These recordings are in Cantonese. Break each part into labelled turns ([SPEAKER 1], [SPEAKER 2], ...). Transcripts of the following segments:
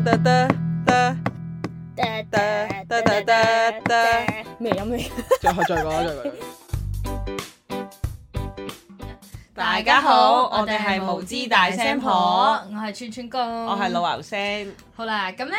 [SPEAKER 1] 咩飲咩？再
[SPEAKER 2] 再講，再講。大家好，我哋係無知大聲婆，我係串串哥，我係老牛聲。好啦，咁咧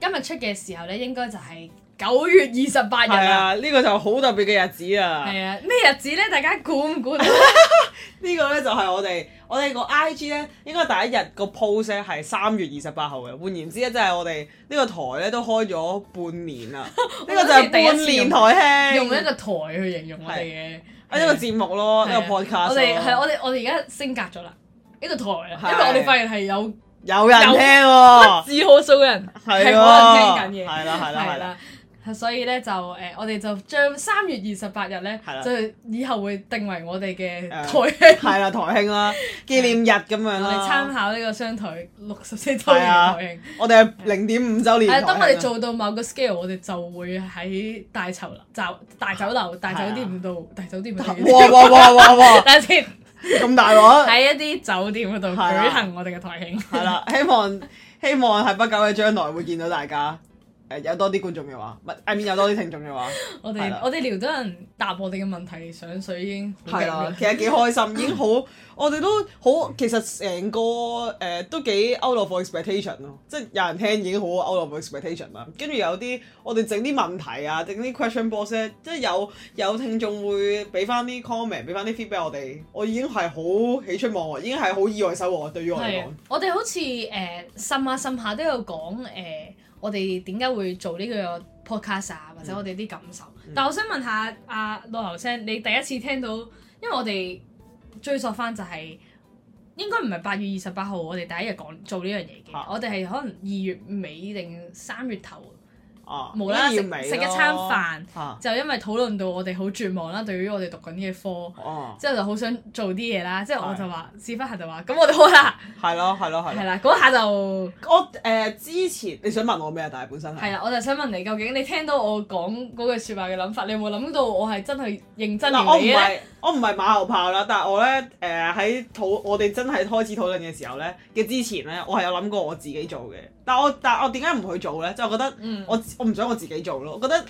[SPEAKER 2] 今日出嘅時候咧，應該就係九月二十八日啦。呢
[SPEAKER 1] 個就好特別嘅日子啊！係啊，
[SPEAKER 2] 咩日子咧？大家估唔
[SPEAKER 1] 估到？呢個咧就係我哋。我哋個 IG 咧，應該第一日個 post 咧係三月二十八號嘅。換言之咧，即係我哋呢個台咧都開咗半年啦。
[SPEAKER 2] 呢個就係半年台慶，用一個
[SPEAKER 1] 台去形容我哋嘅一個節目咯，一個 podcast。我哋係
[SPEAKER 2] 我哋我哋，而家升格咗啦，一個台。因為我哋發現係有有人聽，不至可數嘅人係有人聽緊嘢。係啦係啦係啦。所以咧就誒，我哋就將三月二十八日咧，就以後會定為我哋嘅台
[SPEAKER 1] 慶，係啦，台慶啦，紀念日咁樣啦。參
[SPEAKER 2] 考呢個商台六十四週年台慶，
[SPEAKER 1] 我哋係零點五週年。係當我哋做
[SPEAKER 2] 到某個 scale，我哋就會喺大酒樓、大酒樓、大酒店度、大酒店度，哇，哇哇哇哇！等先，咁大鑊！喺一啲酒店嗰度舉行我哋嘅台慶。
[SPEAKER 1] 係啦，希望希望喺不久嘅將來會見到大家。誒、呃、有多啲觀眾嘅話，咪入面有多啲聽眾嘅話。
[SPEAKER 2] 我哋我哋聊到人答我哋嘅問題上水已經係啦、啊，其實幾開
[SPEAKER 1] 心， 已經好我哋都好，其實成個誒、呃、都幾 out of expectation 咯，即係有人聽已經好 out of expectation 啦。跟住有啲我哋整啲問題啊，整啲 question box 咧，即係有有聽眾會俾翻啲 comment，俾翻啲 feedback 我哋，我已經係好喜出望外，已經係好意外收穫對於我嚟講、
[SPEAKER 2] 啊。我哋好似誒呻下呻下都有講誒。呃我哋點解會做呢個 podcast 啊？或者我哋啲感受。嗯、但我想問下阿羅喉聲，你第一次聽到，因為我哋追溯翻就係、是、應該唔係八月二十八號我哋第一日講做呢樣嘢嘅。啊、我哋係可能二月尾定三月頭。無啦，食食一餐飯，啊、就因為討論到我哋好絕望啦，對於我哋讀緊嘅科，啊、之後就好想做啲嘢啦，即係我就話，是忽下就話，咁我哋好啦。
[SPEAKER 1] 係咯，係咯，係。係啦，嗰下就我誒之前你想問我咩？但係本身係。係啦，
[SPEAKER 2] 我就想問你，究竟你聽到我講嗰句説話嘅諗法，你有冇諗到我係真係認真嚟我唔係馬
[SPEAKER 1] 後炮啦，但係我咧誒喺討我哋真係開始討論嘅時候咧嘅之前咧，我係有諗過我自己做嘅。但係我但係我點解唔去做咧？就係、是、我覺得、嗯、我我唔想我自己做咯，我覺得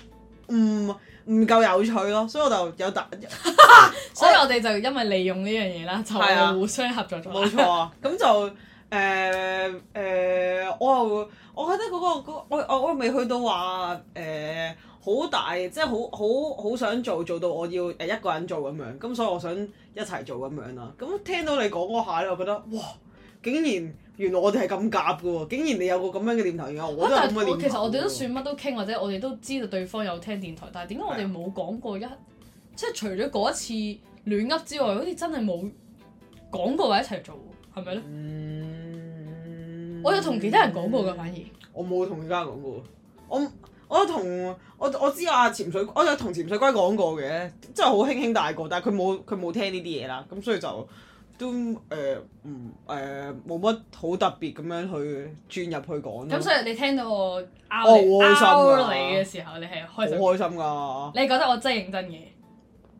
[SPEAKER 1] 唔唔夠有趣咯，所以我就有答。
[SPEAKER 2] 我 所以我哋就因為利用呢樣嘢啦，就互相合作咗、啊。冇 錯，咁就誒誒、呃呃，
[SPEAKER 1] 我又我覺得嗰、嗰個我我我未去到話誒。呃好大，即係好好好想做，做到我要誒一個人做咁樣，咁所以我想一齊做咁樣啦。咁聽到你講嗰下咧，我覺得哇，竟然原來我哋係咁夾㗎喎，竟然你有個咁樣嘅念頭，而家我都但 其實我哋都
[SPEAKER 2] 算乜都傾，或者我哋都知道對方有聽電台，但係點解我哋冇講過一，是啊、即係除咗嗰一次亂噏之外，好似真係冇講過一齊做，係咪咧？嗯、我有同、嗯、其他人講過㗎，反而
[SPEAKER 1] 我冇同你家講過，
[SPEAKER 2] 我。我同
[SPEAKER 1] 我我知阿潛水，我有同潛水龜講過嘅，真係好輕輕帶過，但係佢冇佢冇聽呢啲嘢啦，咁所以就都誒唔誒冇乜好特別咁樣去轉入去講。咁所以
[SPEAKER 2] 你聽到我拗拗你嘅、哦、時候，你係開
[SPEAKER 1] 好開心㗎？心
[SPEAKER 2] 你覺得我真係認真嘅？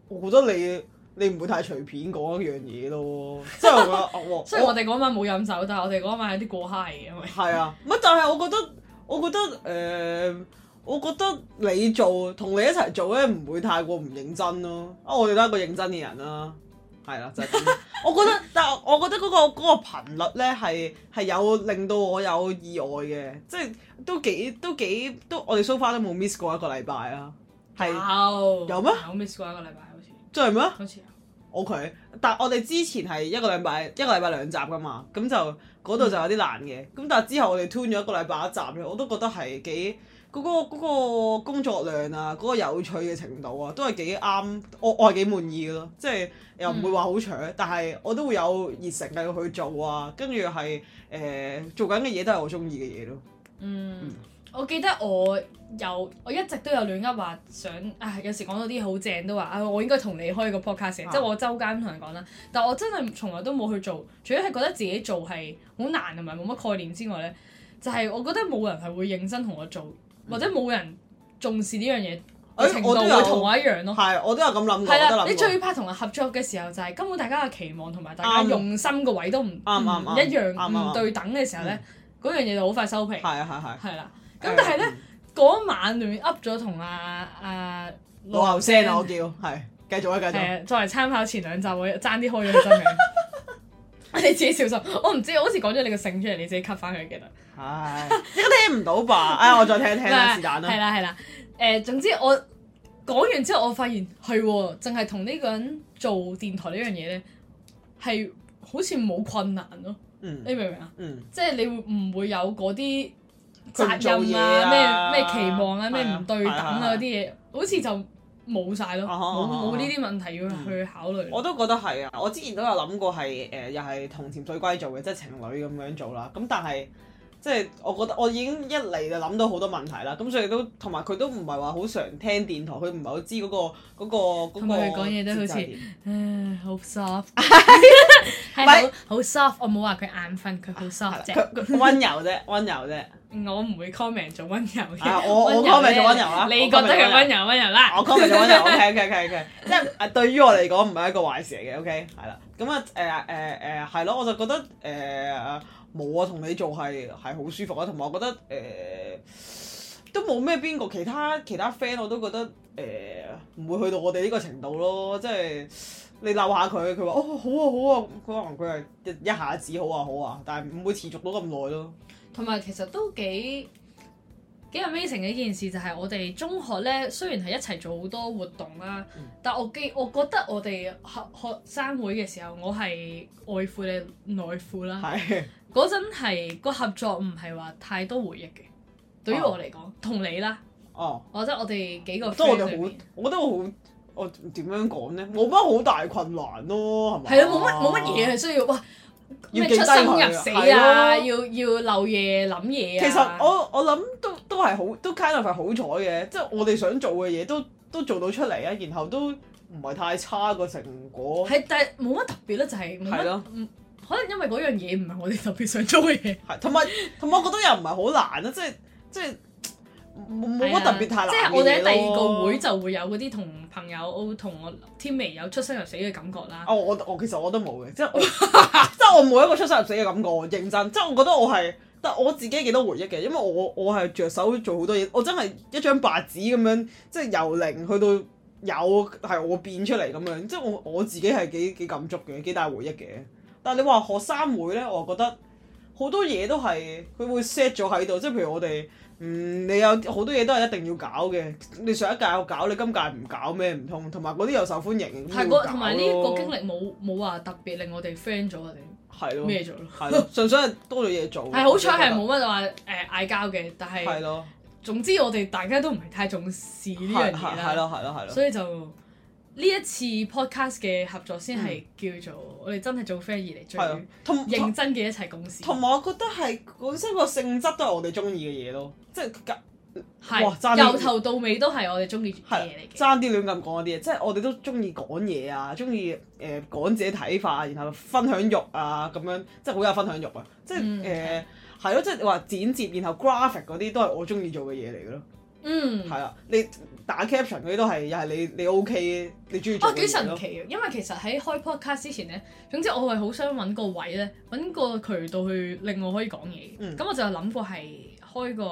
[SPEAKER 1] 我覺得你你唔會太隨便講一樣嘢咯，
[SPEAKER 2] 即係阿我，雖然我哋嗰晚冇飲酒，但係我哋嗰晚有啲過 high 嘅，係咪？係啊，
[SPEAKER 1] 咪 就係我覺得我覺得誒、呃。我覺得你做同你一齊做咧，唔會太過唔認真咯。啊，哦、我哋都係一個認真嘅人啦、啊，係啦、啊，就係、係、咁。 我覺得，但我覺得嗰、嗰個嗰、嗰個、頻率咧係係有令到我有意外嘅，即係都幾都幾都。我哋 so far 都冇 miss 過一個禮拜啊，係 Wow, 有咩嗎？有
[SPEAKER 2] miss 過一個禮拜，
[SPEAKER 1] 好似真係咩？嗎好似啊，OK。但我哋之前係一個禮拜一個禮拜兩集噶嘛，咁就嗰度就有啲難嘅。咁、嗯、但係之後我哋 tune 咗一個禮拜一集咧，我都覺得係幾。嗰、嗰個、嗰個工作量啊，嗰個有趣嘅程度啊，都係幾啱，我我係幾滿意咯。即係又唔會話好長，嗯、但係我都會有熱誠繼續去做啊。跟住係誒做緊嘅嘢都係我中意嘅嘢咯。嗯，嗯、
[SPEAKER 2] 我記得我有我一直都有亂噏話想，啊有時講到啲好正都話啊，我應該同你開個 podcast，嗯、即係我周間同人講啦。但我真係從來都冇去做，除咗係覺得自己做係好難同埋冇乜概念之外咧，就係、是、我覺得冇人係會認真同我做。或者冇人重視呢樣嘢，我都會，同我一樣咯。係，我都係咁諗。係啦，你最怕同人合作嘅時候，就係根本大家嘅期望同埋大家用心嘅位都唔唔一樣，唔對等嘅時候咧，嗰樣嘢就好快收皮。係啊，係啊，係啦，咁但係咧，嗰一晚亂 up 咗同阿阿
[SPEAKER 3] 老喉聲我
[SPEAKER 2] 叫係繼續啊，繼續。作為參考，前兩集會爭啲開咗個心，你自己小心。我唔知，我好似講咗你個姓出嚟，你自己 cut 翻佢，記得。唉，應該聽唔到吧？啊，我再聽聽啦，是但啦。係啦係啦，誒、欸，總之我講完之後，我發現係喎，淨係同呢個人做電台呢樣嘢咧，係好似冇困難咯。嗯，你明唔明啊？嗯，即係你會唔會有嗰啲責任啊？咩咩事、啊、期望啊？咩唔對等啊？嗰啲嘢，好似就冇晒咯，冇冇呢啲問題要去考慮。嗯、我都覺
[SPEAKER 1] 得係啊，我之前都有諗過係誒，又、呃、係、呃、同潛水龜做嘅，即、就、係、是、情侶咁樣做啦。咁但係。即係我覺得我已經一嚟就諗到好多問題啦，咁所以都同埋佢都唔係話好常聽電台，佢唔係好知嗰個嗰個講嘢都好似，唉，好
[SPEAKER 2] soft，係好，好 soft。我冇話佢眼瞓，佢好 soft 啫。佢佢溫柔啫，溫柔啫。我唔會 comment 做溫柔。啊，我我 comment 做溫柔啦。你覺得佢溫柔，溫柔啦。我 comment 做
[SPEAKER 1] 溫柔，係嘅，係嘅，即係對於我嚟講唔係一個壞事嚟嘅，OK，係啦。咁啊，誒誒誒，係咯，我就覺得誒。冇啊，同你做係係好舒服啊，同埋我覺得誒、呃、都冇咩邊個其他其他 friend 我都覺得誒唔、呃、會去到我哋呢個程度咯，即係你鬧下佢，佢話哦好啊好啊，佢可能佢係一一下子好啊好啊，但係唔會持續到咁耐
[SPEAKER 2] 咯。同埋其實都幾幾 interesting 嘅一件事就係、是、我哋中學咧，雖然係一齊做好多活動啦，嗯、但我記我覺得我哋學學生會嘅時候，我係外褲你內褲啦。 嗰陣係個合作唔係話太多回憶嘅，
[SPEAKER 1] 對於我嚟
[SPEAKER 2] 講，啊、同你啦，哦、啊，我覺得我哋幾個，都好，我
[SPEAKER 1] 覺得好，我點樣講咧？冇乜好大困難咯，
[SPEAKER 2] 係咪？係啊，冇乜冇乜嘢係需要，哇！要出生入死啊，要啊要，要漏夜諗嘢啊。其實我我諗都都係好，都 kind of 係好彩嘅，即係我
[SPEAKER 1] 哋想做嘅嘢都都做到出嚟啊，然後都唔係太差個成果。係、啊，
[SPEAKER 2] 但係冇乜特別咯，就係冇乜。可能因為嗰樣嘢唔係我哋特別想做嘅嘢， 係同埋同埋我覺得又唔係好難啊！即係即係
[SPEAKER 1] 冇乜特別太難、啊。即係、啊就是、我哋喺第二個會就
[SPEAKER 2] 會有嗰啲同朋友同我添微有出生入死嘅感覺啦、
[SPEAKER 1] 啊。哦、 oh，我我其實我都冇嘅，即係即係我冇 一個出生入死嘅感覺。我認真，即、就、係、是、我覺得我係，但我自己幾多回憶嘅，因為我我係着手做好多嘢，我真係一張白紙咁樣，即、就、係、是、由零去到有係我變出嚟咁樣，即、就、係、是、我我自己係幾幾感觸嘅，幾大回憶嘅。但係你話學生會咧，我覺得好多嘢都係佢會 set 咗喺度，即係譬如我哋，嗯，你有好多嘢都係一定要搞嘅。你上一屆又搞，你今屆唔搞咩唔通？同埋嗰啲又受歡迎。係，同埋呢個經歷
[SPEAKER 2] 冇冇話特別令我哋 friend 咗啊？
[SPEAKER 1] 定咩咗？純粹係多咗嘢做。係好彩係冇
[SPEAKER 2] 乜話誒嗌交嘅，但係總之我哋大家都唔係太重視呢樣嘢。係咯係咯係咯，所以就。呢一次 podcast 嘅合作先係叫做我哋真係做 friend 以嚟最認真嘅一齊共事。同埋我覺得係
[SPEAKER 1] 本身個性質都係我哋中意嘅嘢咯，即
[SPEAKER 2] 係哇是點由頭到尾都係我哋中意嘅嘢嚟嘅。
[SPEAKER 1] 是，爭啲亂咁講啲嘢，即係我哋都中意講嘢啊，中意誒講自己睇法，然後分享欲啊咁樣，即係好有分享欲啊！即係誒係咯，即係話剪接，然後 graphic 嗰啲都係我中意做嘅嘢嚟嘅咯。嗯，係啊。你打 caption 嗰啲都係又係你你 O、OK, K，你中意做。哦，幾神奇啊！
[SPEAKER 2] 因為其實喺開 podcast 之前咧，總之我係好想揾個位咧，揾個渠道去令我可以講嘢。咁、嗯、我就有諗過係開個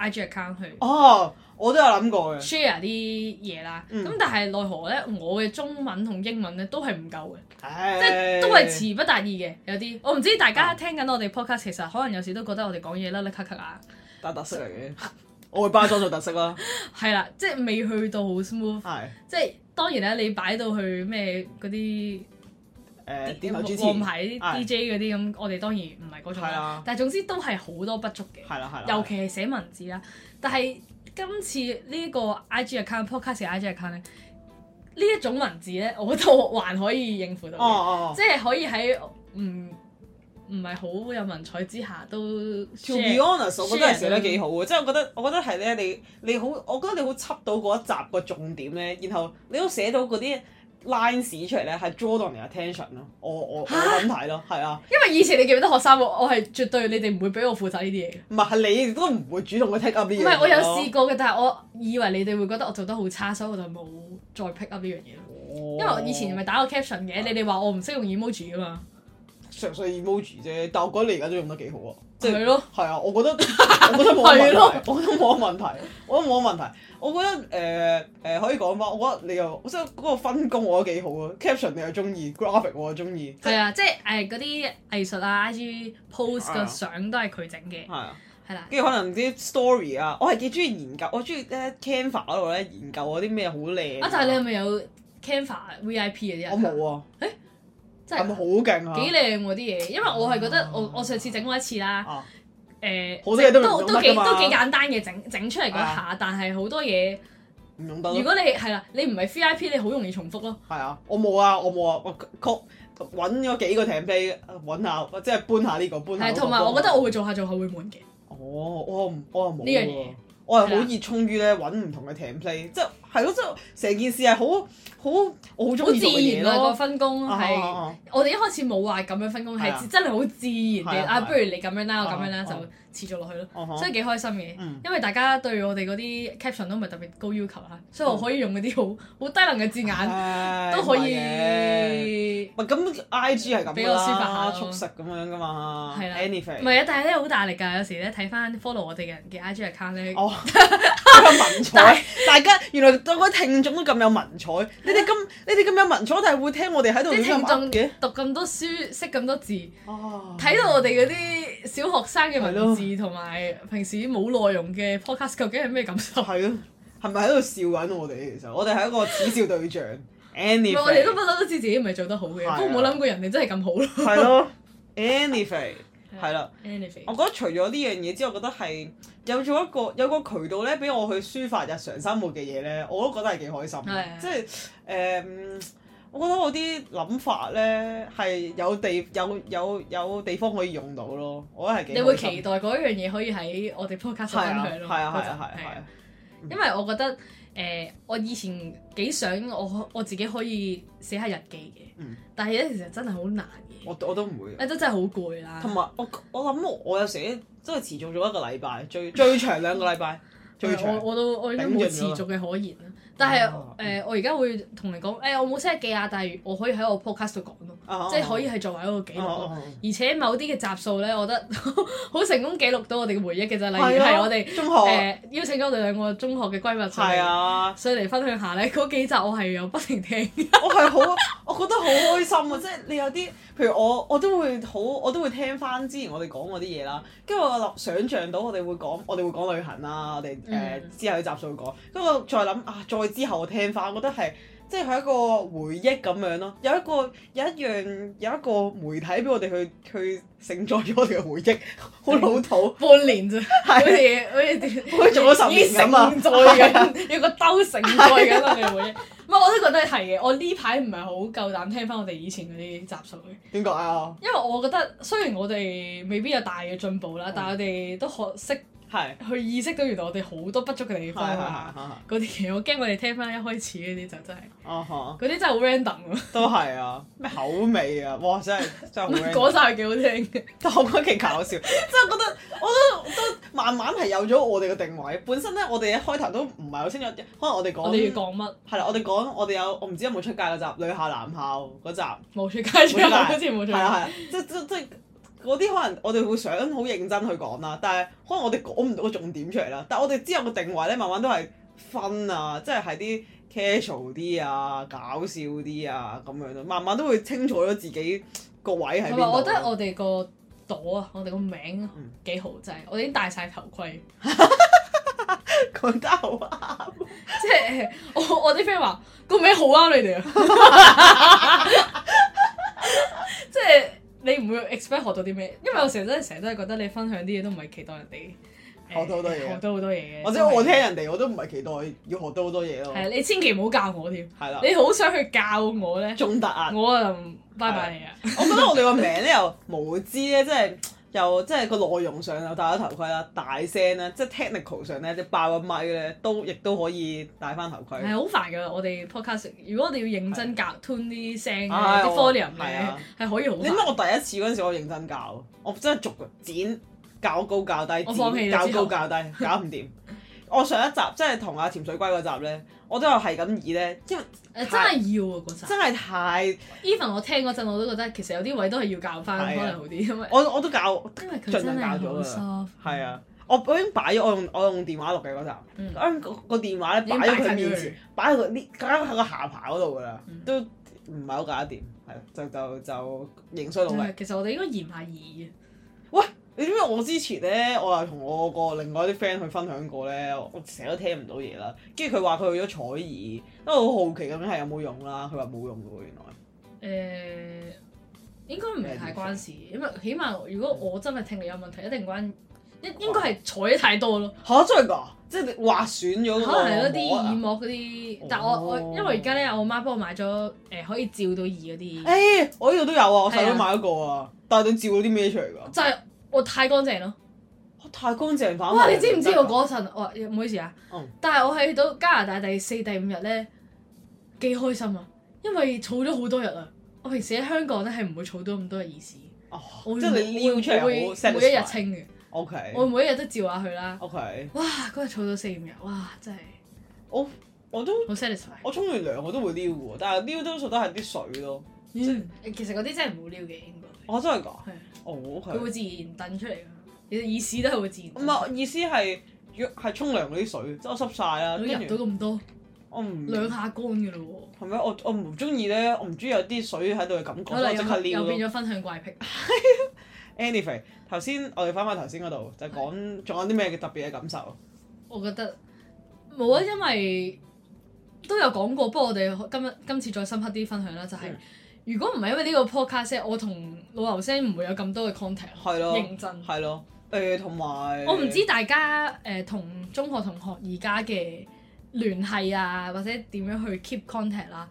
[SPEAKER 2] IG account 去。哦，
[SPEAKER 1] 我都有諗過嘅
[SPEAKER 2] ，share 啲嘢啦。咁、嗯、但係奈何咧，我嘅中文同英文咧都係唔夠嘅，哎、即係都係詞不達意嘅有啲。我唔知大家聽緊我哋 podcast，、哦、其實可能有時都覺得我哋講嘢咧，碌卡卡啊，大特色嚟嘅。就 我會包裝做特色啦，係啦，即係未去到好 smooth，即係當然咧，你擺到去咩嗰啲誒啲唔係 DJ 嗰啲咁，我哋當然唔係嗰種，但係總之都係好多不足嘅，尤其係寫文字啦。但係今次呢個 IG account podcast 嘅 IG account 咧，呢一種文字咧，我覺得還可以應付到，即係可以喺嗯。唔係好有文采之下都。To be honest， 我覺得係寫得幾好嘅，即係 我覺得，我覺得係咧，你你好，我覺得你好插到
[SPEAKER 1] 嗰一集個重點咧，然後你都寫到嗰啲 lines 出嚟咧，係 draw 到人哋嘅
[SPEAKER 2] attention 咯，我我我咁
[SPEAKER 1] 睇咯，係蛤啊。
[SPEAKER 2] 因為以前你記得學生我係絕對你哋唔會俾我負責呢啲嘢。唔係，係你都唔會主動去 take up 呢啲嘢。唔係，我有試過嘅，但係我以為你哋會覺得我做得好差，所以我就冇再 pick up 呢樣嘢。因
[SPEAKER 1] 為我以前係咪
[SPEAKER 2] 打個 caption 嘅，對 你哋話我唔識用 emoji 㗎嘛。
[SPEAKER 1] 純粹 emoji 啫，但我覺得你而家都用得幾好啊！即係囉，係啊，我覺得我覺得冇乜問題，我覺得冇乜問題，我覺得冇乜問題。我覺得誒誒可以講翻，我覺得你又即係嗰個分工，我覺得幾好啊！Caption 你又中意，Graphic 我又中意。
[SPEAKER 2] 係啊，即係誒嗰啲藝術啊，IG post 嘅相都係佢整嘅。係啊，係
[SPEAKER 1] 啦，跟住可能啲 story 啊，我係幾中意研究，我中意咧 Canva 度咧研究嗰啲咩好靚啊！但係
[SPEAKER 2] 你係咪有 Canva VIP 啊？啲人我冇啊！誒。真係
[SPEAKER 1] 好勁啊！幾靚
[SPEAKER 2] 喎啲嘢，因為我係覺得我我上次整過一次啦。哦。誒，好多嘢都都幾都幾簡單嘅，整整出嚟嗰下，但係好多嘢
[SPEAKER 1] 唔用得。如果你係
[SPEAKER 2] 啦，你唔係 VIP，你好容易重複咯。係啊，
[SPEAKER 1] 我冇啊，我冇啊，我確揾咗幾個 playlist 揾下，即係搬下呢個搬。係，同埋我覺得我會
[SPEAKER 2] 做下做下會滿嘅。哦，
[SPEAKER 1] 我我係冇呢樣嘢，我係好熱衷於咧揾唔同嘅 playlist。係咯，即係成件事係好好，我好中意嘅嘢咯。個分
[SPEAKER 2] 工係，我哋一開始冇話咁樣分工，係真係好自然嘅。啊，不如你咁樣啦，我咁樣啦，就持續落去咯。所以幾開心嘅，因為大家對我哋嗰啲 caption 都唔係特別高要求啦，所以我可以用嗰啲好好低能嘅字眼都可以。唔係咁，I G 係咁啦，速食咁樣噶
[SPEAKER 1] 嘛。係啦，anything。唔係啊，
[SPEAKER 2] 但係咧好大力噶，有時咧睇翻 follow 我哋嘅人嘅 I G account 咧，哦，文采大家
[SPEAKER 1] 原來。個個聽眾都咁有文采，你哋咁你哋咁有文采，但係會聽我哋喺度讀嘅，
[SPEAKER 2] 讀咁多書，識咁多字，睇到我哋嗰啲小學生嘅文字，同埋平時冇內容嘅 podcast，究竟係咩感受？係咯，係咪喺度笑緊我哋？其實我哋係一個恥笑對象。anyway，我哋都不嬲都知自己唔係做得好嘅，不過冇諗過人哋真係咁好咯。係咯
[SPEAKER 1] ，anyway，係啦。anyway，我覺得除咗呢樣嘢之外，我覺得係。有做一個有一個渠道咧，俾我去抒發日常生活嘅嘢咧，我都覺得係幾開心。 即係誒、呃，我覺得我啲諗法咧係有地有有有地方可以用到咯。我覺得係幾開心。你會期待
[SPEAKER 2] 嗰樣嘢可以喺我哋 Podcast 分享咯？係 啊，係啊，因為我覺得，誒、呃、我以前幾想我我自己可以寫下日記嘅，嗯，但係咧其實真係好難嘅。
[SPEAKER 1] 我我都唔會，誒、欸、都真
[SPEAKER 2] 係好攰啦。同
[SPEAKER 1] 埋我我諗我有時真係持續咗一個禮拜，最最長兩個禮拜，最長。我
[SPEAKER 2] 都我已冇持續嘅可言。但係誒、oh. 呃，我而家會同你講誒、欸，我冇寫日記啊，但係我可以喺我 podcast 度講咯，oh. 即係可以係作為一個記錄咯。Oh. Oh. 而且某啲嘅集數咧，我覺得好 成功記錄到我哋嘅回憶嘅就例如係我哋誒中學、呃、邀請咗我哋兩個中學嘅閨蜜嚟，啊、所以嚟分享下咧嗰幾集，我係有不停聽， 我係好，我覺得好開心啊！即、就、
[SPEAKER 1] 係、是、你有啲。譬如我我都會好，我都會聽翻之前我哋講嗰啲嘢啦。跟住我諗，想像到我哋會講，我哋會講旅行啦。我哋誒、uh, 之後嘅集數講。跟住我再諗啊，再之後我聽翻，我覺得係。即係一個回憶咁樣咯，有一個有一樣有一個媒體俾我哋去去承載咗我哋嘅回憶，好、嗯、老土，
[SPEAKER 2] 半年咋，好好似好似做咗神經承咁，有 個兜承載緊我哋嘅回憶。唔係是的， 我都覺得係嘅。我呢排唔係好夠膽聽翻我哋以前嗰啲集數。
[SPEAKER 1] 點解啊？
[SPEAKER 2] 因為我覺得雖然我哋未必有大嘅進步啦，嗯、但係我哋都學識。係，佢是意識到原來我哋好多不足嘅地方嗰啲嘢，我驚我哋聽翻一開始嗰啲就真係，嗰啲、
[SPEAKER 1] uh huh、
[SPEAKER 2] 真係好 random
[SPEAKER 1] 都係啊，咩口味啊，哇！真係真係好 random 晒係幾好聽奇，但我覺得勁搞笑， 真係覺得我都都慢慢係有咗我哋嘅定位。本身咧，我哋一開頭都唔係好清楚，可能我哋講我哋要講乜？係啦，我哋講我哋有，我唔知有冇出界嗰集女校男校嗰集。
[SPEAKER 2] 冇出街。好似冇出界，冇出界，冇
[SPEAKER 1] 出界，冇 嗰啲可能我哋會想好認真去講啦，但係可能我哋講唔到個重點出嚟啦。但係我哋之後個定位咧，慢慢都係分啊，即係係啲 casual 啲啊、搞笑啲啊咁樣咯。慢慢都會清楚咗自己個位喺邊、啊。我覺得我
[SPEAKER 2] 哋個朵啊，我哋個名幾好真係，嗯、我哋已經戴晒頭盔講 得好啱，即係我我啲 friend 話個名好啱你哋， 即係。你唔會 expect 學到啲咩，因為我成日真係成日都係覺得你分享啲嘢都唔係期待人哋
[SPEAKER 1] 學到好多嘢，欸、學到好多嘢嘅，或者我，我聽人哋以我都唔係期待要學到好多嘢咯。係你
[SPEAKER 2] 千祈唔好教我添。係啦的，你好想去教我咧，中突啊！我啊拜拜你
[SPEAKER 1] 啊！我覺得我哋個名咧又無知咧，即係。 又即係個內容上又戴咗頭盔啦，大聲咧，即係 technical 上咧，你爆個麥咧都亦都可以戴翻頭盔。係好煩
[SPEAKER 2] 㗎，我哋 podcast 如果我哋要認真校 tune 啲聲啲 foley 嘅，係可以好。點解我
[SPEAKER 1] 第一次嗰陣時我認真校？我真係逐個剪校高校低，校高校低，搞唔掂。 我上一集即係同阿潛水龜嗰集咧。
[SPEAKER 2] 我都有係咁意咧，即係誒真係要啊。嗰陣，真係太 even 我聽嗰陣我都覺得其實有啲位都係要教返可能好啲，因
[SPEAKER 1] 為我我都教，
[SPEAKER 2] 盡量教咗啦，
[SPEAKER 1] 係啊，我我已經擺咗我用我用電話錄嘅嗰集，我個個電話咧擺咗佢面前，擺喺佢呢，梗喺個下巴嗰度噶啦，都唔係好搞得掂，係就就就認輸努力。
[SPEAKER 2] 其實我哋應該嫌下二嘅，
[SPEAKER 1] 喂。你知唔知我之前咧，我又同我個另外啲 friend 去分享過咧，我成日都聽唔到嘢啦。跟住佢話佢去咗採耳，都好好奇咁樣係有冇用啦。佢話冇用嘅原來
[SPEAKER 2] 誒、呃、應該唔係太關事，因為起碼如果我真係聽力有問題，一定關一、嗯、應該係採太多咯。嚇、啊、真係㗎？即係你劃
[SPEAKER 1] 損咗？可能係咯啲耳
[SPEAKER 2] 膜嗰啲。哦、但係我我因為而家咧，我媽幫我買咗誒、呃、可以照到耳嗰啲。誒、欸、
[SPEAKER 1] 我呢度都有啊，我細佬買咗個啊，但係你照到啲咩出嚟㗎？
[SPEAKER 2] 就係我太乾淨咯，太乾淨反。哇！你知唔知我嗰陣？哇！唔好意思啊。嗯。但係我喺到加拿大第四第五日咧，幾開心啊！因為儲咗好多日啊！我平時喺香港咧係唔會儲到咁多嘅耳屎。哦。即係你撩出嚟。我會每一日清嘅。
[SPEAKER 1] OK。我每一日
[SPEAKER 2] 都照下佢啦。OK。哇！嗰日儲咗四五日，哇！真係。我
[SPEAKER 1] 我都好 satisfied。我沖完涼我都會撩喎，但係撩多數都係啲水咯。嗯，其實
[SPEAKER 2] 嗰啲真係冇撩嘅。
[SPEAKER 1] 我真係㗎，哦，佢的、oh, okay. 會自然燉出嚟嘅。其實意思都係會自然。唔係，意思係如係沖涼嗰啲水，即係我濕曬啦。我入到咁
[SPEAKER 2] 多，後我唔不兩下乾嘅咯
[SPEAKER 1] 喎。係咩？我我唔中意咧，我唔中意有啲水喺度嘅感覺，我即刻尿咯、那個。又變咗分享怪癖。 Anyway，頭先我哋翻返頭先嗰度，就講仲的有啲咩嘅特別嘅感受？
[SPEAKER 2] 我覺得冇啊，因為都有講過，不過我哋今今次再深刻啲分享啦，就係、是。嗯如果唔係因為呢個 podcast，我同老牛聲唔會有咁多嘅 contact，的認真
[SPEAKER 1] 係咯。誒同埋我唔知
[SPEAKER 2] 大家誒同、呃、中學同學而家嘅聯繫啊，或者點樣去 keep contact 啦、啊。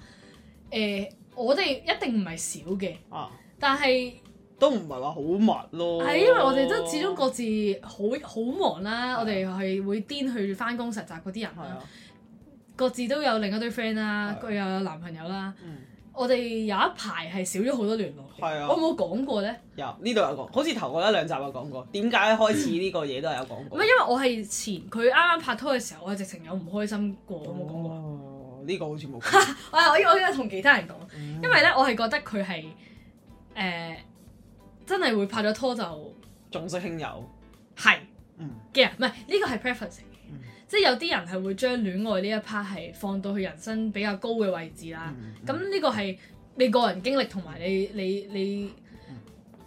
[SPEAKER 2] 誒、呃，我哋一定唔係少嘅，啊、但係是都唔係話
[SPEAKER 1] 好密咯。係因為我哋都始
[SPEAKER 2] 終各自好好忙啦、啊，的我哋係會癲去返工實習嗰啲人啦、啊，的各自都有另一堆 friend 啦、啊，佢又的有男朋友啦、啊。我哋有一排係少咗好多聯絡啊，我有冇講過咧？
[SPEAKER 1] 有呢度有講，好似頭嗰一兩集有講過。點解開始呢個嘢都係有講過。唔係、嗯、
[SPEAKER 2] 因為我係前佢啱啱拍拖嘅時候，我係直情有唔開心過，我冇講過。呢、哦呢個好似冇。 我我依我依家同其他人講，因為咧我係覺得佢係誒真係會拍咗拖就重色輕友，係是嗯嘅唔係呢個係 preference。即係有啲人係會將戀愛呢一 part 係放到佢人生比較高嘅位置啦。咁呢、嗯嗯、個係你個人經歷同埋你你你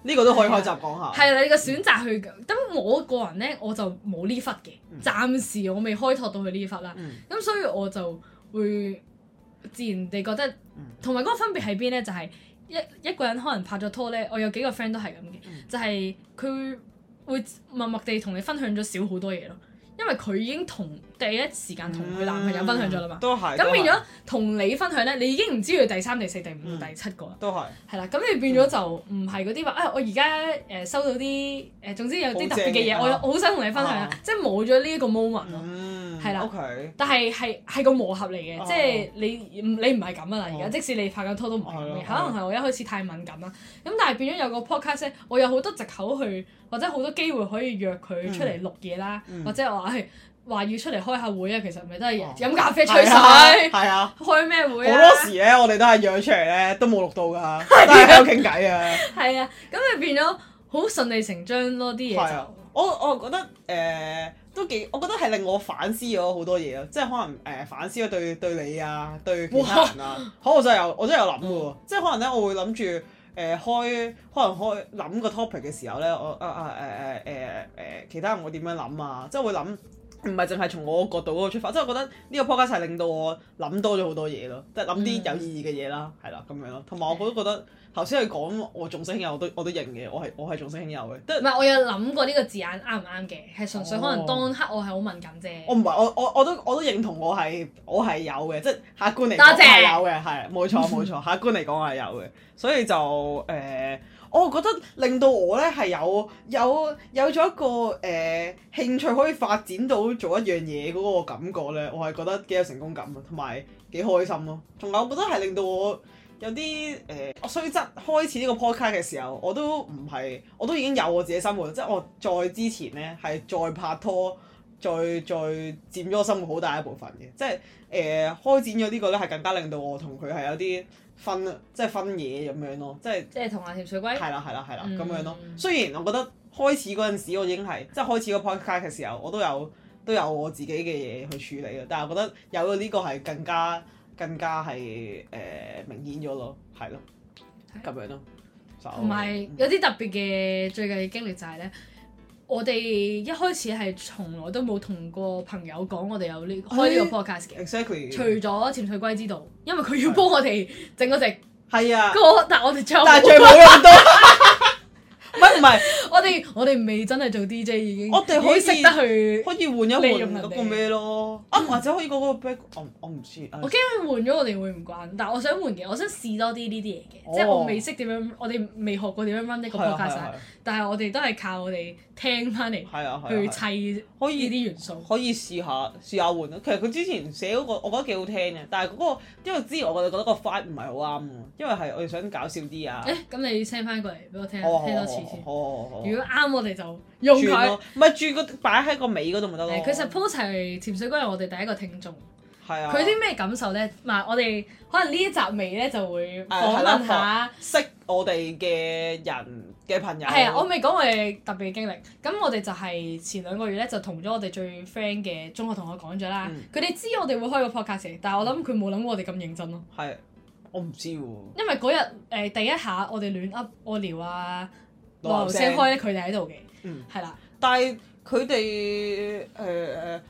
[SPEAKER 2] 呢個都可以開集講下。係啦你、嗯啊、個選擇去。咁、嗯、我個人咧我就冇呢忽嘅，嗯、暫時我未開拓到佢呢忽啦。咁、嗯、所以我就會自然地覺得，同埋嗰個分別喺邊咧？就係、是、一一個人可能拍咗拖咧，我有幾個 friend 都係咁嘅，嗯、就係佢會默默地同你分享咗少好多嘢咯。因為佢已經同第一時間同佢男朋友分享咗啦嘛，都係咁變咗同你分享咧，你已經唔知佢第三、第四、第五、第七個啦，都係係啦。咁你變咗就唔係嗰啲話啊！我而家誒收到啲誒總之有啲特別嘅嘢，我好想同你分享，即係冇咗呢一個 moment 咯，係啦。OK，但係係係個磨合嚟嘅，即係你你唔係咁啊啦。而家即使你拍緊拖都唔係咁嘅，可能係我一開始太敏感啦。咁但係變咗有個 podcast，我有好多藉口去或者好多機會可以約佢出嚟錄嘢啦，或者我係話要出嚟開下會啊，其實咪都係飲咖啡吹水，係啊，吹水，係啊開咩會啊？好多時
[SPEAKER 1] 咧，我哋都係約出嚟咧，係啊、都冇錄到噶，但係喺度傾偈啊。係啊，
[SPEAKER 2] 咁就變咗好順
[SPEAKER 1] 理成章咯，啲嘢係啊，我我覺得誒、呃、都幾，我覺得係令我反思咗好多嘢咯，即係可能誒、呃、反思咗對對你啊，對其他人啊，哇好我真係有我真係有諗噶喎，嗯、即係可能咧我會諗住。誒、呃、開可能開諗個 topic 嘅時候咧，我啊啊誒誒誒誒其他人會點樣諗啊？即係會諗。唔係淨係從我角度嗰個出發，即係我覺得呢個 project 令到我諗多咗好多嘢咯，即係諗啲有意義嘅嘢啦，係啦咁樣咯。同埋、嗯、我都覺得頭先佢講我重色輕友，我都我都認嘅，我係我係重色輕友嘅。
[SPEAKER 2] 即係唔係我有諗過呢個字眼啱唔啱嘅？係純粹可能當刻我係好敏感啫、哦。
[SPEAKER 1] 我唔係我我我都我都認同我係我係有嘅，即係客觀嚟講係有嘅，係冇錯冇錯， 客觀嚟講係有嘅，所以就誒。呃我覺得令到我呢係有有有咗一個誒、呃、興趣可以發展到做一樣嘢嗰個感覺呢，我係覺得幾有成功感啊，同埋幾開心咯。同埋我覺得係令到我有啲誒雖則開始呢個 podcast 嘅時候，我都唔係我都已經有我自己生活，即係我再之前呢，係再拍拖，再再佔咗我生活好大一部分嘅，即係誒、呃、開展咗呢個呢，係更加令到我同佢係有啲。分即係、就是、分嘢咁樣咯，就是、即係即係同阿田水龜係啦係啦係啦咁樣咯。雖然我覺得開始嗰陣時，我已經係即係開始個 podcast 嘅時候，我都有都有我自己嘅嘢去處理嘅。但係我覺得有咗呢個係更加更加係誒、呃、明顯咗咯，係咯。咁嗎樣咯，
[SPEAKER 2] 同埋有啲、嗯、特別嘅最近嘅經歷就係咧。我哋一開始係從來都冇同過朋友講，我哋有呢開呢個 podcast 嘅。Exactly。除咗潛水龜知道，因為佢要幫我哋整嗰隻係啊歌但係我哋唱，但係唱冇咁多。唔係唔係，我哋我哋未真係做 DJ 已經。我
[SPEAKER 1] 哋可以識得去，
[SPEAKER 2] 可以換一換咩
[SPEAKER 1] 咯啊？或
[SPEAKER 2] 者可以講我我唔知。我驚換咗我哋會唔慣，但係我想換嘅，我想試多啲呢啲嘢嘅，即係我未識點樣。我哋未學過點樣 run 呢個 podcast，但係我哋都係靠我哋。聽翻嚟係啊，去砌可以啲元素，
[SPEAKER 1] 可以試下試下換啊。其實佢之前
[SPEAKER 2] 寫嗰個我覺得幾
[SPEAKER 1] 好聽嘅，但係嗰、嗰個因為之前我覺得嗰個 fit 唔係好啱，因為係我哋想搞笑啲啊。誒、欸，
[SPEAKER 2] 咁你 send 翻過嚟俾我聽，聽，哦、聽多次
[SPEAKER 1] 先。哦哦哦、如果
[SPEAKER 2] 啱我哋就用佢，唔係住個擺喺個尾嗰度咪得咯。其實 Poacher 潛水哥係我哋第一個聽眾。佢啲咩感受咧？唔，我哋可能呢一集未咧就會訪問下、
[SPEAKER 1] 啊啊、識我哋嘅人嘅朋友。係啊，我未
[SPEAKER 2] 講我哋特別嘅經歷。咁我哋就係前兩個月咧就同咗我哋最 friend 嘅中學同學講咗啦。佢哋、嗯、知我哋會開個 podcast，但係我諗佢冇諗過我哋咁認真咯。係、啊，我唔知喎、啊。因為嗰日誒第一下我哋亂 up 屙尿啊，話聲開佢哋喺度嘅，係啦，嗯啊、但係。
[SPEAKER 1] 佢哋誒誒，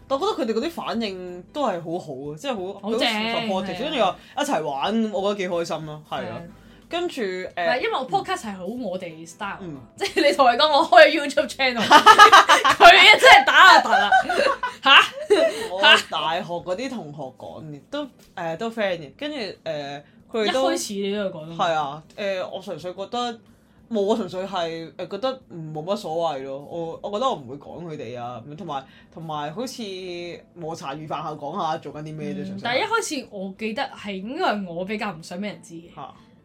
[SPEAKER 1] 我覺得佢哋嗰啲反應都係好好正啊，即係好好 supporting，跟住話一齊玩，我覺得幾開心啊，係啊，跟住
[SPEAKER 2] 誒，欸、因為我 podcast 係好我哋 style，、嗯、即係你同佢講我開 YouTube channel，佢
[SPEAKER 3] 啊真係打啊打啦
[SPEAKER 1] 嚇大學嗰啲同學講嘅都誒都 friend 嘅，跟住誒佢哋都一開始
[SPEAKER 2] 你都講
[SPEAKER 1] 得係啊，誒我純粹覺得。冇，我純粹係誒覺得冇乜所謂咯，我我覺得我唔會講佢哋啊，同埋同埋好似磨茶餘飯後講下做緊啲咩啫，嗯、但係一
[SPEAKER 2] 開始我記得係應該係我比較唔想俾人知嘅，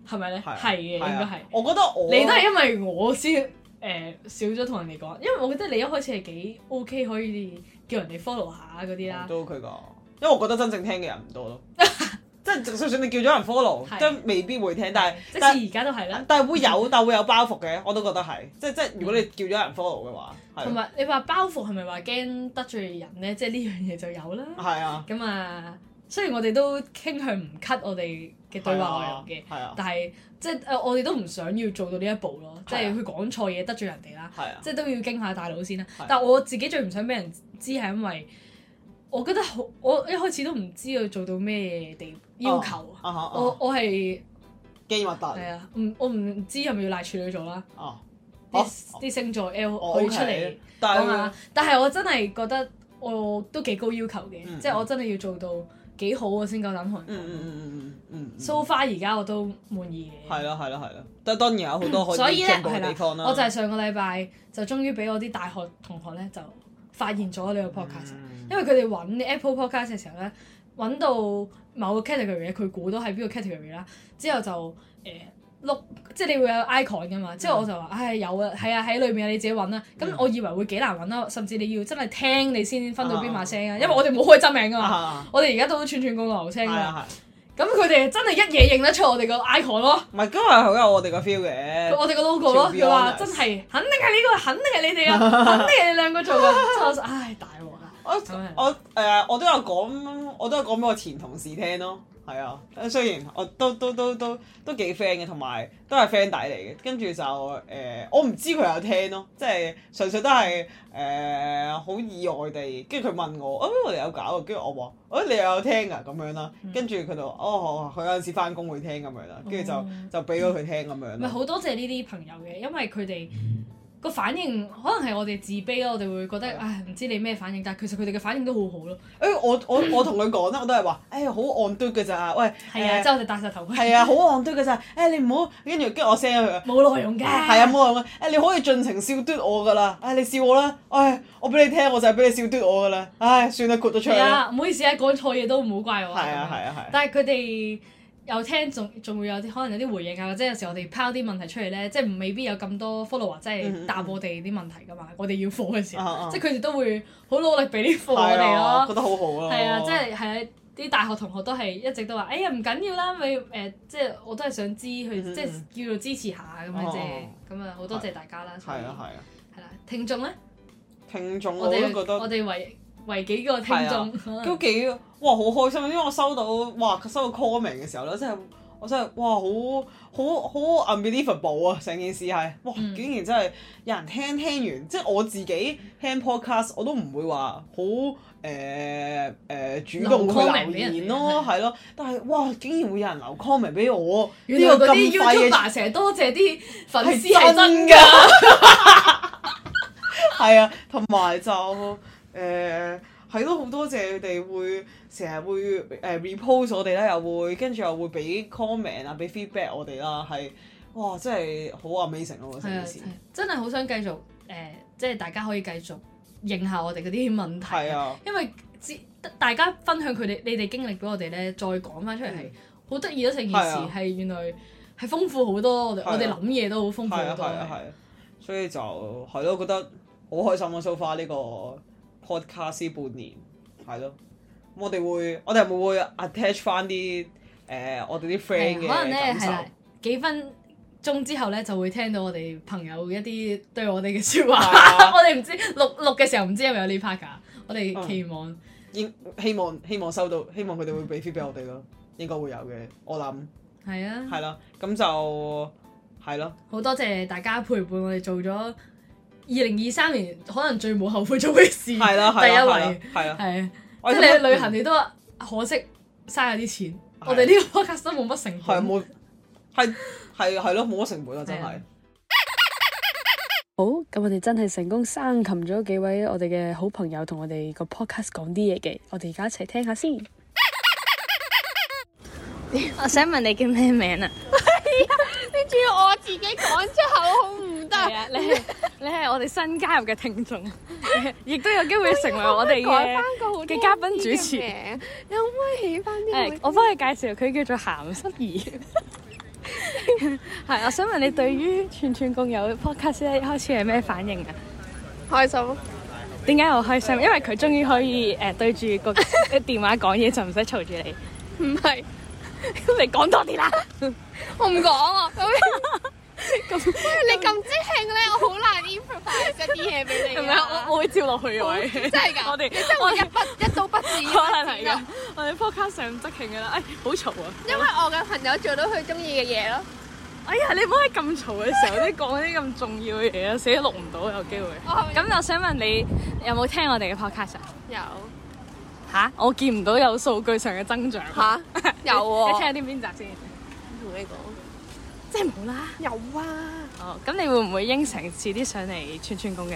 [SPEAKER 2] 係咪咧？係嘅，應該係、啊。我覺得我你都係因為我先誒、呃、少咗同人哋講，因為我覺得你一開始係幾 OK 可以叫人哋 follow 下嗰啲啦。都 OK 㗎。因為我覺得真正聽嘅人唔
[SPEAKER 1] 多。 即係就算你叫咗人 follow，都的未必會聽。但係，即使而家都係啦。但係會有， 但會有包袱嘅，我都覺得係。即係即係，如果你叫咗人 follow 嘅話，同埋
[SPEAKER 2] 你話包袱係咪話驚得罪人咧？即係呢樣嘢就有啦。係啊。咁啊，雖然我哋都傾向唔 cut 我哋嘅對話內容嘅，但係即係誒，我哋都唔想要做到呢一步咯。即係佢講錯嘢得罪人哋啦，是的 即係都要經下大腦先啦。是的 的但係我自己最唔想俾人知係因為。我覺得好，我一開始都唔知佢做到咩地要求。我我係機密特。係啊，唔我唔知係咪要賴處女座啦。哦，啲星座 L o u 出嚟講下。但係我真係覺得我都幾高要求嘅，即係我真係要做到幾好我先夠膽同人講。嗯 so far 而家我都滿意嘅。
[SPEAKER 1] 係啦係啦係啦，但係當然有好多可以進步地方啦。所以咧係啦，我就係上
[SPEAKER 2] 個禮拜就終於俾我啲大學同學咧就發現咗呢個 podcast。因為佢哋揾 Apple Podcast 嘅時候咧，揾到某個 category 佢估到係邊個 category 啦。之後就誒錄、呃，即係你會有 icon 噶嘛。Yeah. 之後我就話：唉、哎，有啊，係啊，喺裏、啊、面、啊、你自己揾啦、啊。咁我以為會幾難揾咯、啊，甚至你要真係聽你先分到邊把聲啊。因為我哋冇開真名啊嘛，Yeah. 我哋而家都串串個流聲嘅。咁佢哋真係一嘢認得出我哋個 icon 咯。唔係，因為佢有我哋個
[SPEAKER 1] feel 嘅，我哋個 logo 咯。佢話：真
[SPEAKER 2] 係，肯定係呢、這個，肯定係你哋啊， 肯定係你兩個做
[SPEAKER 1] 嘅。真係，唉，大鑊！我我誒我都有講，我都有講俾我，我前同事聽咯，係啊，雖然我都都都都都幾 friend 嘅，同埋都係 friend 弟嚟嘅，跟住就誒、呃、我唔知佢有聽咯，即係純粹都係誒好意外地，跟住佢問我啊，我哋有搞，跟住我話啊你又有聽啊咁樣啦，跟住佢就哦佢有陣時翻工會聽咁樣啦，跟住就就俾咗佢聽咁樣。咪好
[SPEAKER 2] 多謝呢啲朋友嘅，因為佢哋。 個反應可能係我哋自卑咯，我哋會覺得，的唉，唔知你咩反應，但係其實佢哋嘅反應都好好咯。誒、欸，我我我同佢講啦，我都係話，誒，好戇篤嘅咋，喂。係啊， 之後我哋戴曬頭盔。係啊，好
[SPEAKER 1] 戇篤嘅咋，誒你唔好，跟住跟住我 send 咗佢。冇內容㗎。係啊、哎，冇內容嘅，誒你可以盡情笑篤我㗎啦，誒、哎、你笑我啦，唉，我俾你聽，我就係俾你笑篤我㗎啦，唉算啦 quote 咗出嚟。係啊，唔
[SPEAKER 2] 好意思啊，講錯嘢都唔好怪我。係啊係啊係。但係佢哋，有聽，仲仲會有啲可能有啲回應啊，或者有時我哋拋啲問題出嚟咧，即係未必有咁多 follower 即係答我哋啲問題㗎嘛。我哋要課嘅時候，即係佢哋都會好努力俾啲課我哋咯。覺得好好啊！係啊，即係係啊，啲大學同學都係一直都話：哎呀唔緊要啦，咪，誒即係我都係想知佢，即係叫做支持下咁樣啫。咁啊好多謝大家啦！係啊係啊，係啦，聽眾咧，聽眾我都覺得我哋圍圍幾個聽眾都幾個。哇！好開心，因為我收
[SPEAKER 1] 到哇收到 comment 嘅時候咧，真係我真係哇好好好 unbelievable 啊！成件事係哇，竟然真係有人聽聽完，即係我自己聽 podcast 我都唔會話好誒誒主動去留言咯，係咯。但係哇，竟然會有人留 comment 俾我，呢原來 個啲 YouTuber 成日多謝啲
[SPEAKER 2] 粉絲係真㗎，
[SPEAKER 1] 係啊，同埋就誒。呃係咯，好多謝佢哋會成日會誒 repost 我哋啦，又會跟住又會俾 comment 啊，俾 feedback 我哋啦，係哇，真係好 amazing 咯！成件事，
[SPEAKER 2] 真係好想繼續誒，uh, 即係大家可以繼續應下我哋嗰啲問題。係啊，因為得大家分享佢哋你哋經歷俾我哋咧，再講翻出嚟係好得意咯，成件事係原來係豐富好多， 啊、我哋我哋諗嘢都好豐富。係啊，係
[SPEAKER 1] 啊，啊，所以就係咯，覺得好開心啊！so far 呢個。podcast 半年，係咯，我哋會，我哋係咪會 attach 翻啲，誒、呃，我哋啲 friend 嘅感受？可能
[SPEAKER 2] 幾分鐘之後咧，就會聽到我哋朋友一啲對我哋嘅說話。啊、 我哋唔知錄錄嘅時候唔知有咪有呢 part 噶，我哋期望
[SPEAKER 1] 應、嗯、希望希望收到，希望佢哋會俾 feedback 我哋咯，應該會有嘅，我諗。
[SPEAKER 2] 係啊的。係
[SPEAKER 1] 啦，咁就係咯。
[SPEAKER 2] 好多謝大家陪伴我哋做咗二零二三年可能最冇後悔做嘅事，第一位，係啊，即係你去旅行，你都可惜嘥咗啲錢。我哋呢個 podcast 都冇乜成，係冇，係係係咯，冇乜成本啊，真係。好，咁我哋真係成功生擒咗幾位我哋嘅好朋友，同我哋個 podcast 講啲嘢嘅，我哋而家一齊聽下先。我想問你叫咩名啊？我要我自己講出口，好唔得。你係你係我哋新加入嘅聽眾，亦都有機會成為我哋嘅嘅嘉賓主持。你可唔可以起翻啲？我幫你介紹，佢叫做咸濕兒。係，我想問你對於串串共有 podcast 咧，一開始係咩反應啊？開心。點解我開心？因為佢終於可以誒、 呃、對住個電話講嘢，就唔使嘈住你。唔係。 你講多啲啦，我唔講啊。咁你咁即興咧，我好難 improvise 嗰啲嘢俾你。咁咪我我會照落去嘅、 嗯。真係噶？我哋即係我一筆一刀不剪。可能係噶，我哋 podcast 咁即興噶啦。哎，好嘈啊！因為我嘅朋友做到佢中意嘅嘢咯。哎呀，你唔好喺咁嘈嘅時候，啲講啲咁重要嘅嘢啊，死都錄唔到有機會。咁就 想問你，有冇聽我哋嘅 podcast？有。吓，我見唔到有數據上嘅增長。吓，有喎。你聽下啲邊集先。同你講，即係冇啦。有啊。哦，咁你會唔會應承遲啲上嚟串串工嘅？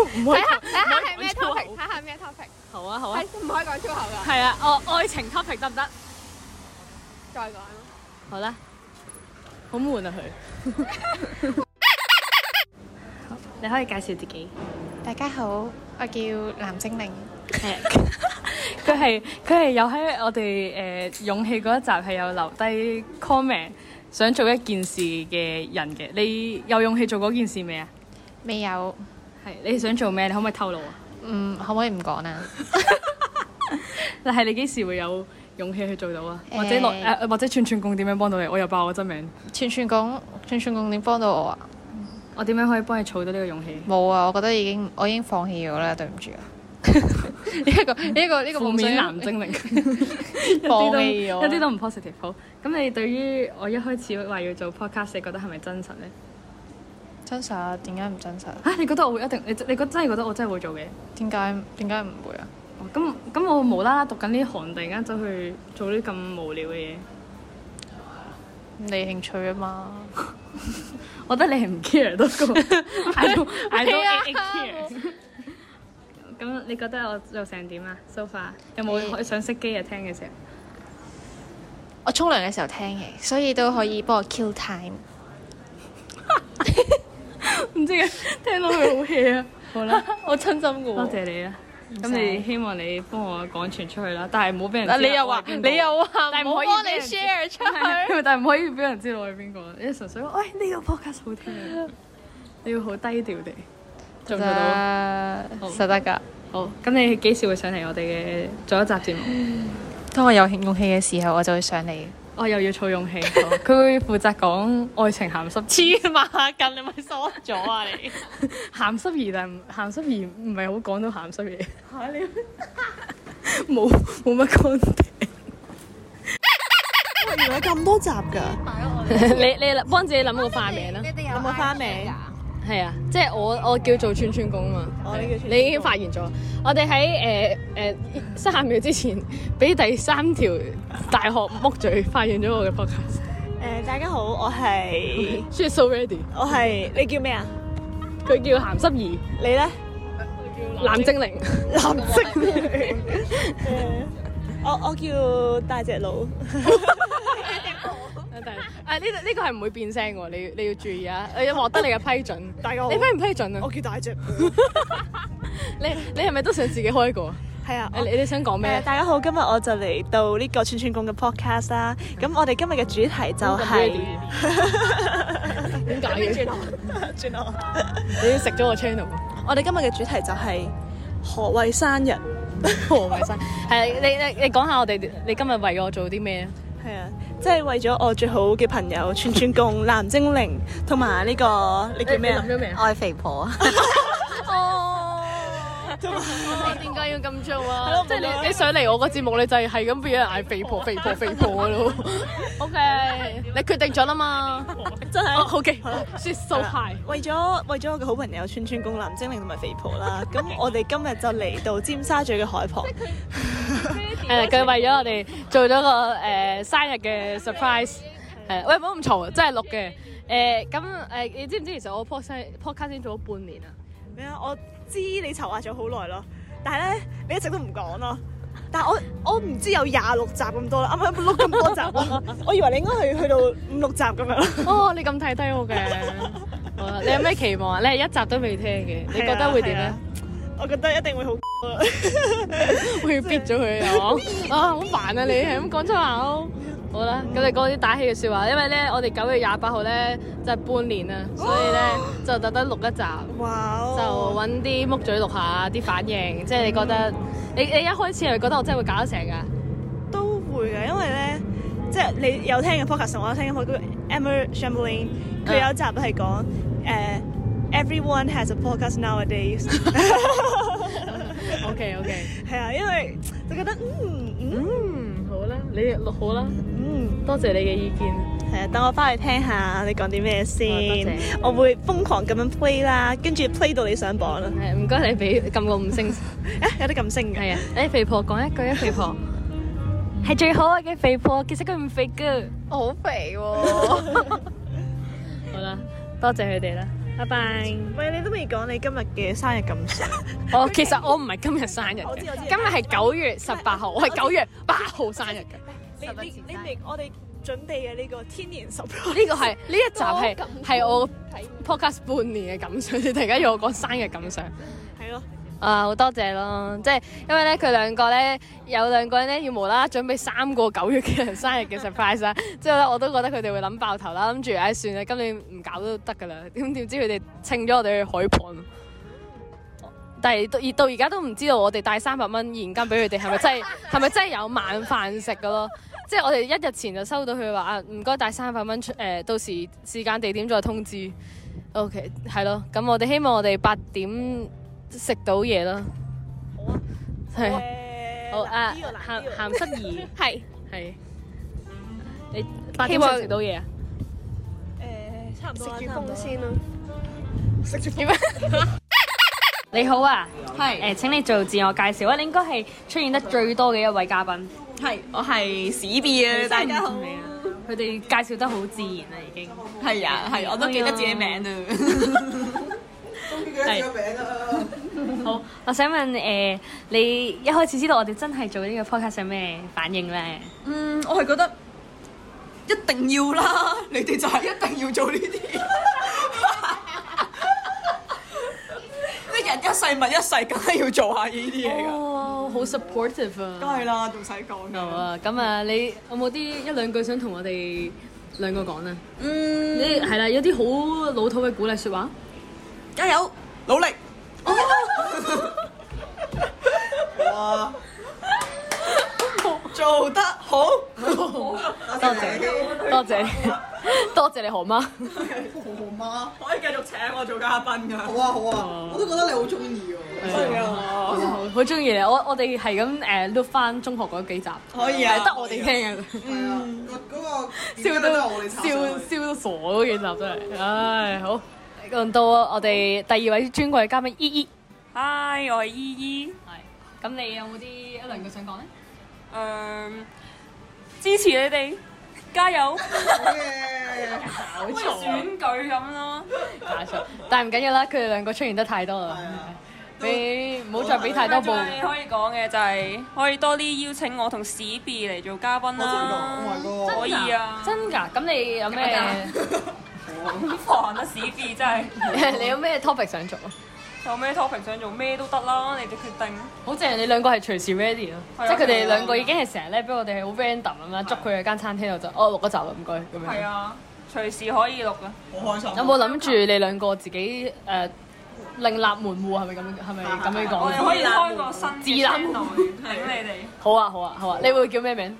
[SPEAKER 2] 唔會。睇下係咩 topic？睇下係咩 topic？好啊好啊。唔可以講粗口噶。係啊，哦，愛情 topic 得唔得？再講。好啦。好悶啊佢。你可以介紹自己。大家好，我叫藍精靈。佢係佢係有喺我哋誒、呃、勇氣嗰一集係有留低 comment 想做一件事嘅人嘅，你有勇氣做嗰件事未啊？未有。係你想做咩？你可唔可以透露啊？嗯，可唔可以唔講啊？ 但係你幾時會有勇氣去做到啊？呃、或者誒、呃，或者串串共點樣幫到你？我又爆我真名。串串共，串串，串共點幫到我啊？我點樣可以幫你儲到呢個勇氣？冇啊，我覺得已經我已經放棄咗啦，對唔住啊！呢 個呢個呢個負面男精靈， 放我 一啲都一啲都唔 positive。好，咁你對於我一開始話要做 podcast，你覺得係咪真實呢？真實啊？點解唔真實啊？你覺得我會一定？你你真係覺得我真係會做嘅？點解點解唔會啊？咁咁、哦、我無啦啦讀緊呢行，突然間走去做啲咁無聊嘅嘢。你興趣啊嘛， 我覺得你係唔 care 多過 care。 咁你覺得我做成點啊？So far，有冇想熄機啊？聽嘅時候，我沖涼嘅時候聽嘅，所以都可以幫我 kill time。唔 知啊，聽到佢好 hea 啊！ 好啦，我親心過。多謝，謝你啦。咁不你希望你幫我廣傳出去啦，但係冇俾人知、啊、你又話你又話，但係唔可以幫你 share 出去， 但係唔可以俾人知道我係邊個，你 因為純粹話，喂、哎、呢個 podcast 好聽， 你要好低調地就得實得㗎，啊、好，咁你幾時會上嚟我哋嘅做一集節目？當我有勇氣嘅時候，我就會上嚟。我又要措勇氣，佢會負責講愛情鹹濕黐孖筋，你咪疏咗啊你！鹹濕 而但鹹濕而唔係好講到鹹濕嘢，嚇你冇冇乜 content 原來咁多集㗎， 你你幫自己諗個化名啦，啊、有冇花名？係啊，即係我我叫做串串工啊嘛，哦、啊你已經發現咗。嗯、我哋喺誒誒三秒之前，俾第三條大學木嘴發現咗我嘅 podcast 誒、呃，大家好，我係，she so ready。我係，你叫咩啊？佢、嗯、叫鹹濕儀，你咧
[SPEAKER 3] 呢？呃、藍精靈。藍精靈。
[SPEAKER 2] 我我叫大隻佬、 哎，大隻佬。啊，呢呢個係唔會變聲嘅，你你要注意啊！你要獲得你嘅批准、啊。大家好，你批唔批准啊？我叫大隻佬。 你你係咪都想自己開個？係啊。你哋想講咩、啊？大家好，今日我就嚟到呢個串串工嘅 podcast 啦。咁我哋今日嘅主題就係
[SPEAKER 1] 點解要轉我？
[SPEAKER 2] 你要食咗我 channel？我哋今日嘅主題就係何謂生日。黃偉生？係、 sí, 你你你講下我哋，你今日為我做啲咩啊？係啊，即係為咗我最好嘅朋友串串工、全全藍精靈同埋呢個，你叫咩？我係肥婆。 我哋點解要咁做啊？即係你上嚟我個節目，你就係係咁俾人嗌肥婆、肥婆、肥婆咯。OK，你決定咗啦嘛？
[SPEAKER 3] 真係。哦，好嘅，好啦，雪素鞋。
[SPEAKER 2] 為咗為咗我嘅好朋友村村公、藍精靈同埋肥婆啦。咁我哋今日就嚟到尖沙咀嘅海旁。誒，佢為咗我哋做咗個誒生日嘅 surprise。誒，喂，唔好咁嘈，真係錄嘅。誒，咁誒，你知唔知其實我 podcast 先做咗半年啊？咩啊，我。知你籌劃咗好耐咯，但係咧你一直都唔講咯，但係我我唔知有廿六集咁多啦，啱啱有冇錄咁多集？啊， 我以為你應該係去到五六集咁樣咯。哦，你咁睇低我嘅？你有咩期望啊？你係一集都未聽嘅，啊、你覺得會點咧、啊？我覺得一定會好，我要憋咗佢啊！好煩啊！你係咁講出口！ 好啦，咁、oh. 你講啲打氣嘅説話，因為咧我哋九月廿八號咧就係半年啦，oh. 所以咧就特登錄一集，Wow. 就揾啲木嘴錄下啲反應，即係你覺得，oh. 你你一開始係覺得我真係會搞得成噶？都會嘅，因為咧即係你有聽嘅 podcast，我有聽佢多 Emma Chamberlain 佢有一集係講誒，everyone has a podcast nowadays。 OK OK，係啊，因為就覺得嗯。你錄好啦，嗯，多謝你嘅意見。係啊，等我翻去聽下你講啲咩先。我會瘋狂咁樣 play 啦，跟住 play 到你上榜啦。唔該你俾撳個五星，有得撳星噶？係啊，你肥婆講一句啊，肥婆係最好嘅肥婆，其實佢唔肥噶。我好肥喎。好啦，多謝佢哋啦，
[SPEAKER 3] 拜拜。喂，你都未
[SPEAKER 2] 講你今日嘅生日咁細。我其實我唔係今日生日嘅，今日係九月十八號，我係九月八號生日嘅。你你明我哋準備嘅呢個天然十，呢個係呢一集係係我，我 podcast 半年嘅感想，你的突然間要我講生日感想，係咯的？啊，好多謝咯！即係因為咧，佢兩個咧有兩個人咧要無啦啦準備三個九月嘅人生日嘅 surprise 啦，之後咧我都覺得佢哋會諗爆頭啦，諗住唉算啦，今年唔搞都得噶啦。咁點知佢哋請咗我哋去海旁， 但係到而到而家都唔知道我哋帶三百蚊現金俾佢哋係咪真係係咪真係有晚飯食嘅咯？即係我哋一日前就收到佢，話啊，唔該帶三百蚊出，誒，到時，時間地點再通知。OK，係咯，咁我哋希望我哋八點食到嘢咯。好啊，係，好啊，咸咸濕兒係係，你八點食到嘢啊？誒，差唔多食完風先啦。食住點啊？你好啊，係，誒，請你做自我介紹啊，你應該係出現得最多嘅一位嘉賓。係，我係史 B 啊！大家好，佢哋介紹得好自然啊。已經。係啊，係，我都記得自己名啊。終於記得自己名啦！好，我想問誒、呃，你一開始知道我哋真係做呢個 podcast 係咩反應咧？
[SPEAKER 1] 嗯，我係覺得一定要啦！你哋就係一定要做呢
[SPEAKER 2] 啲，一人一世物一世，梗係要做下呢啲嘢噶。好 supportive 啊！都係啦，仲使講㗎喎。咁啊，你有冇啲一兩句想同我哋兩個講啊，嗯嗯嗯？嗯，你係啦，嗯嗯、有啲好老土嘅鼓勵說話，加油，
[SPEAKER 1] 努力，哇、哦， 做得
[SPEAKER 2] 好，好，好，多謝，多謝，多謝你，何，何，何媽，何媽可以繼續請我做嘉賓㗎、啊啊啊啊。好啊，
[SPEAKER 1] 好啊，我都覺得你好中意喎。
[SPEAKER 2] 好中意你，我我哋係咁誒 look 翻中學嗰幾集，可以啊，得我哋聽啊。嗯，嗰笑得笑笑都傻嗰幾集真係，唉，好，咁到我哋第二位專櫃嘉賓依依
[SPEAKER 3] ，Hi，我係依依，咁你有冇啲一兩句嘅想講咧？誒，支持你哋，加油！好嘅，搞錯，咩選舉咁咯？搞錯，
[SPEAKER 2] 但係唔緊要啦，佢哋兩個出現得太多啦。
[SPEAKER 3] 你唔好再俾太多部。可以講嘅就係可以多啲邀請我同史 B 嚟做嘉賓啦。可以啊，真噶。咁你有咩？好煩啊！史 B 真係。你有
[SPEAKER 2] 咩 topic 想做啊？有
[SPEAKER 3] 咩 topic 想做，咩都得啦，你哋
[SPEAKER 2] 決定。好正，你兩個係隨時 ready 咯，即係佢哋兩個已經係成日咧，俾我哋係好 random 咁樣捉佢去間餐廳度就，哦錄一集啦，唔該咁樣。係啊，隨時可以錄啊。好
[SPEAKER 3] 開心。有冇
[SPEAKER 2] 諗住你兩個自己誒？另立門戶係咪咁樣？係咪咁樣講？我哋可以
[SPEAKER 3] 開個新嘅門，等你
[SPEAKER 2] 哋。好啊好啊好啊！你會叫咩名？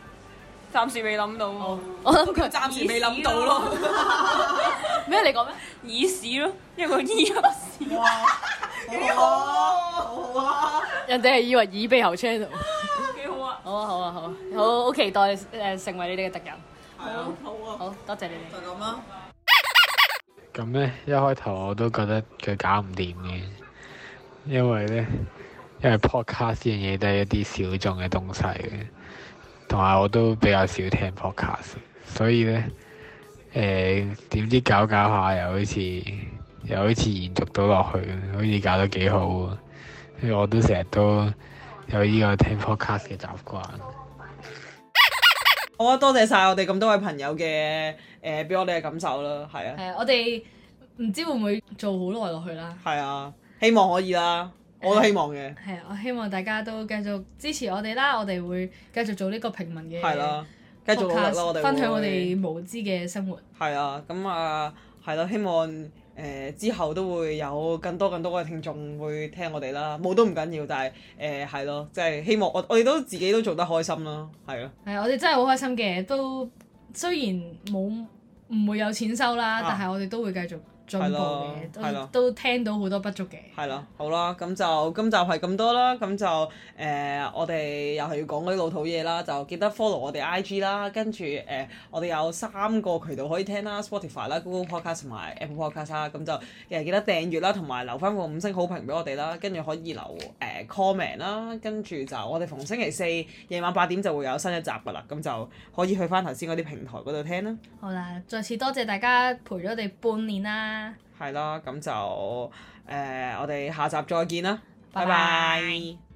[SPEAKER 3] 暫時未諗到。我諗
[SPEAKER 2] 佢暫時未諗到咯。咩？你
[SPEAKER 3] 講咩？耳屎咯，因為個耳都屎。哇！幾好啊！好
[SPEAKER 2] 啊！人哋係以為耳鼻喉出嚟。幾好啊！好啊好啊好！好期待誒，成為你哋嘅敵人。好啊好啊。好多謝你哋。就咁啦。
[SPEAKER 3] 咁咧，一開頭我都覺得佢搞唔掂
[SPEAKER 2] 嘅，因為咧，因為 podcast 嘅嘢都係一啲小眾嘅東西嘅，同埋我都比較少聽 podcast，所以咧，誒、呃、點知搞搞下又好似又好似延續到落去，好似搞得幾好，所以我都成日都有呢個聽 podcast 嘅習慣。
[SPEAKER 1] 我多謝晒我哋咁多位朋友嘅，誒、俾、呃、我哋嘅感受啦，係啊。係啊，
[SPEAKER 2] 我哋唔知會唔會做好耐落去啦。
[SPEAKER 1] 係啊，希望可以啦，
[SPEAKER 2] 我都希望嘅。係、呃、啊，我希望大家都繼續支持我哋啦，我哋會繼續做呢個平民嘅、啊，係啦，繼續努力咯，我哋分享我哋無知嘅生活。
[SPEAKER 1] 係啊，咁、嗯、啊，係、啊、咯，希望。誒、呃、之後都會有更多更多嘅聽眾會聽我哋啦，冇都唔緊要，但係誒係咯，即、呃、係、就係、希望我我哋都自己都做得開心咯，係咯。
[SPEAKER 2] 係啊、嗯，我哋真係好開心嘅，都雖然冇唔會有錢收啦，啊、但係我哋都會繼續。進步嘅，都聽到好多不足嘅。
[SPEAKER 1] 係啦，好啦，咁就今集係咁多啦。咁就誒、呃，我哋又係要講嗰啲老土嘢啦。就記得 follow 我哋 IG 啦，跟住誒，我哋有三個渠道可以聽啦，Spotify 啦、Google Podcast 同埋 Apple Podcast 啦，啊。咁就誒記得訂閱啦，同埋留返個五星好評俾我哋啦。跟住可以留誒、呃、comment 啦。跟住就我哋逢星期四夜晚八點就會有新一集噶啦。咁就可以去返頭先嗰啲平台嗰度聽啦。
[SPEAKER 3] 好啦，
[SPEAKER 2] 再次多謝大家陪咗我哋半年啦～
[SPEAKER 1] 係囉，咁就誒、呃，我哋下集再見啦，拜拜 bye。Bye bye